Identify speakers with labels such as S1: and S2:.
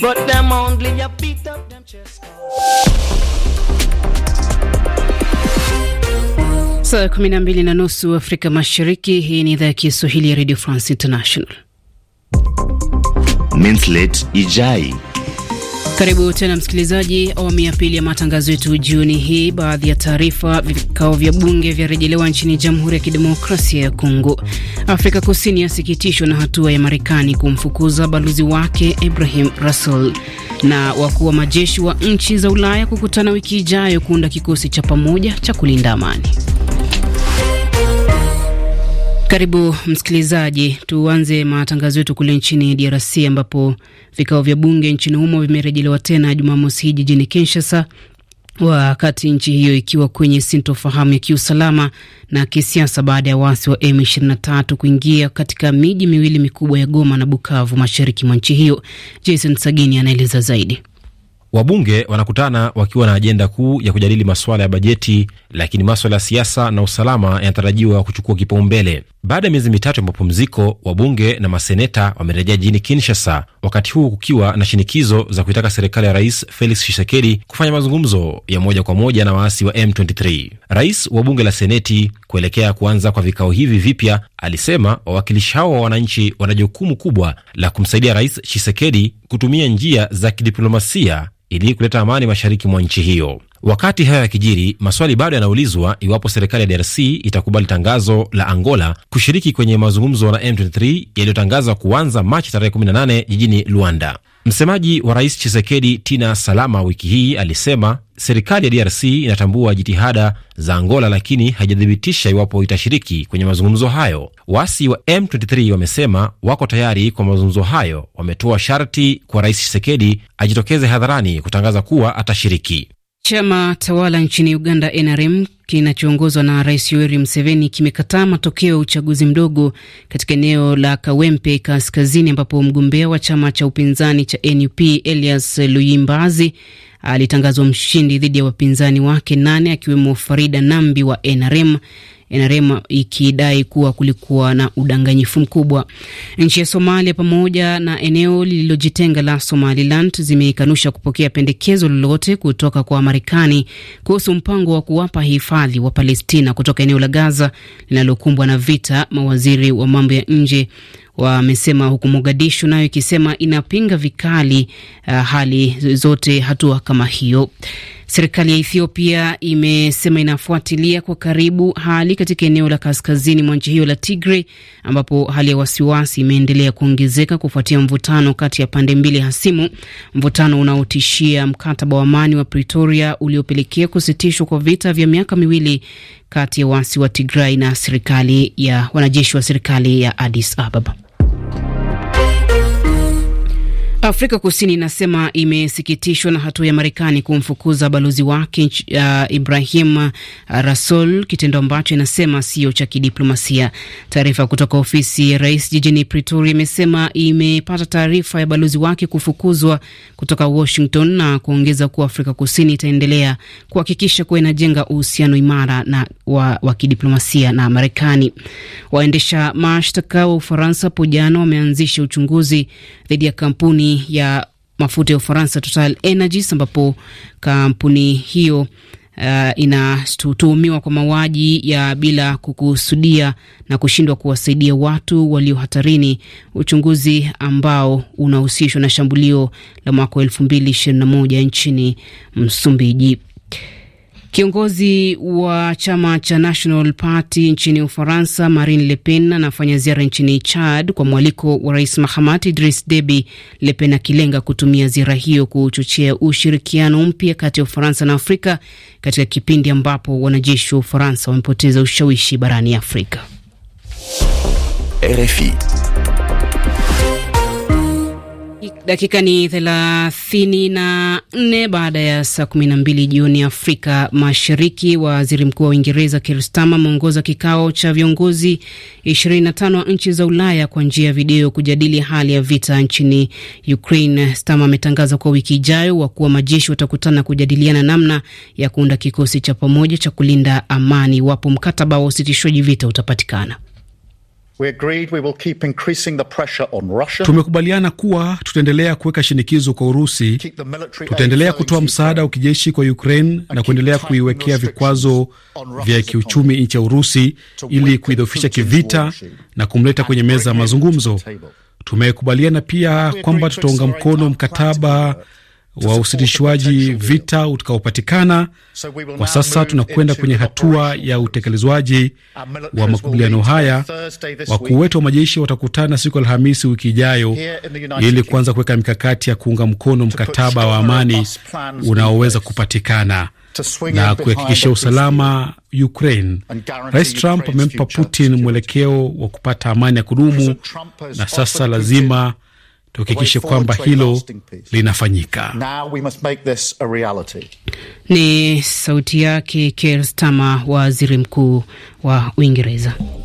S1: But them only you beat up them chest. Saa kumi na mbili na nusu Afrika Mashariki. Hii ni idhaa ya Kiswahili ya Radio France International.
S2: Ijai
S1: karibu tena msikilizaji, awamu ya pili ya matangazo yetu jioni hii. Baadhi ya taarifa: vikao vya bunge vyarejelewa nchini Jamhuri ya Kidemokrasia ya Kongo. Afrika Kusini yasikitishwa na hatua ya Marekani kumfukuza balozi wake Ibrahim Rasul. na wakuu wa majeshi wa nchi za Ulaya kukutana wiki ijayo kuunda kikosi cha pamoja cha kulinda amani. Karibu msikilizaji, tuanze matangazo yetu kule nchini DRC ambapo vikao vya bunge nchini humo vimerejelewa tena Jumamosi hii jijini Kinshasa, wakati nchi hiyo ikiwa kwenye sintofahamu ya kiusalama na kisiasa baada ya waasi wa M23 kuingia katika miji miwili mikubwa ya Goma na Bukavu, mashariki mwa nchi hiyo. Jason Sagini anaeleza zaidi.
S2: Wabunge wanakutana wakiwa na ajenda kuu ya kujadili masuala ya bajeti, lakini maswala ya siasa na usalama yanatarajiwa kuchukua kipaumbele. Baada ya miezi mitatu ya mapumziko, wabunge na maseneta wamerejea jijini Kinshasa, wakati huu kukiwa na shinikizo za kuitaka serikali ya Rais Felix Tshisekedi kufanya mazungumzo ya moja kwa moja na waasi wa M23. Rais wa bunge la Seneti, kuelekea kuanza kwa vikao hivi vipya, alisema wawakilishi hao wa wananchi wana jukumu kubwa la kumsaidia Rais Tshisekedi kutumia njia za kidiplomasia ili kuleta amani mashariki mwa nchi hiyo. Wakati hayo yakijiri, maswali bado yanaulizwa iwapo serikali ya DRC itakubali tangazo la Angola kushiriki kwenye mazungumzo na M23 yaliyotangazwa kuanza Machi tarehe 18 jijini Luanda. Msemaji wa rais Chisekedi, Tina Salama, wiki hii alisema serikali ya DRC inatambua jitihada za Angola, lakini haijathibitisha iwapo itashiriki kwenye mazungumzo hayo. Waasi wa M23 wamesema wako tayari kwa mazungumzo hayo, wametoa sharti kwa rais Chisekedi ajitokeze hadharani kutangaza kuwa atashiriki.
S1: Chama tawala nchini Uganda, NRM, kinachoongozwa na Rais Yoweri Museveni kimekataa matokeo ya uchaguzi mdogo katika eneo la Kawempe Kaskazini, ambapo mgombea wa chama cha upinzani cha NUP Elias Luyimbazi alitangazwa mshindi dhidi ya wapinzani wake nane akiwemo Farida Nambi wa NRM NRM ikidai kuwa kulikuwa na udanganyifu mkubwa. Nchi ya Somalia pamoja na eneo lililojitenga la Somaliland zimekanusha kupokea pendekezo lolote kutoka kwa Marekani kuhusu mpango wa kuwapa hifadhi wa Palestina kutoka eneo la Gaza linalokumbwa na vita. Mawaziri wa mambo ya nje wamesema, huku Mogadishu nayo ikisema inapinga vikali uh, hali zote hatua kama hiyo. Serikali ya Ethiopia imesema inafuatilia kwa karibu hali katika eneo la kaskazini mwa nchi hiyo la Tigray, ambapo hali ya wasiwasi imeendelea kuongezeka kufuatia mvutano kati ya pande mbili hasimu, mvutano unaotishia mkataba wa amani wa Pretoria uliopelekea kusitishwa kwa vita vya miaka miwili kati ya waasi wa Tigray na serikali ya wanajeshi wa serikali ya Addis Ababa. Afrika Kusini inasema imesikitishwa na hatua ya Marekani kumfukuza balozi wake uh, Ibrahim Rasool, kitendo ambacho inasema sio cha kidiplomasia. Taarifa kutoka ofisi ya rais jijini Pretoria imesema imepata taarifa ya balozi wake kufukuzwa kutoka Washington na kuongeza kuwa Afrika Kusini itaendelea kuhakikisha kuwa inajenga uhusiano imara na wa, wa kidiplomasia na Marekani. Waendesha mashtaka wa Ufaransa hapo jana wameanzisha uchunguzi dhidi ya kampuni ya mafuta ya Ufaransa Total Energies, ambapo kampuni hiyo Uh, inatuhumiwa kwa mauaji ya bila kukusudia na kushindwa kuwasaidia watu walio hatarini, uchunguzi ambao unahusishwa na shambulio la mwaka wa elfu mbili ishirini na moja nchini Msumbiji. Kiongozi wa chama cha National Party nchini Ufaransa, Marine Le Pen anafanya ziara nchini Chad kwa mwaliko wa Rais Mahamat Idris Deby, Le Pen akilenga kutumia ziara hiyo kuchochea ushirikiano mpya kati ya Ufaransa na Afrika katika kipindi ambapo wanajeshi wa Ufaransa wamepoteza ushawishi barani Afrika. RFI. Dakika ni thelathini na nne baada ya saa kumi na mbili jioni Afrika Mashariki. Waziri Mkuu wa Uingereza Keir Starmer ameongoza kikao cha viongozi 25 wa nchi za Ulaya kwa njia ya video kujadili hali ya vita nchini Ukraine. Starmer ametangaza kwa wiki ijayo kuwa majeshi watakutana kujadiliana namna ya kuunda kikosi cha pamoja cha kulinda amani iwapo mkataba wa usitishwaji vita utapatikana. Tumekubaliana kuwa tutaendelea kuweka shinikizo
S3: kwa Urusi, tutaendelea kutoa msaada wa kijeshi kwa Ukraine na kuendelea kuiwekea vikwazo vya kiuchumi nchi ya Urusi ili kuidhofisha kivita na kumleta kwenye meza ya mazungumzo. Tumekubaliana pia kwamba tutaunga mkono mkataba wa usitishwaji vita utakaopatikana. Kwa sasa tunakwenda kwenye hatua ya utekelezwaji wa makubaliano haya. Wakuu wetu wa majeshi watakutana siku Alhamisi wiki ijayo ili kuanza kuweka mikakati ya kuunga mkono mkataba wa amani unaoweza kupatikana na kuhakikisha usalama Ukraine. Rais Trump amempa Putin mwelekeo wa kupata amani ya kudumu, na sasa lazima tuhakikishe kwamba hilo linafanyika.
S1: Ni sauti yake Keir Starmer, waziri mkuu wa Uingereza.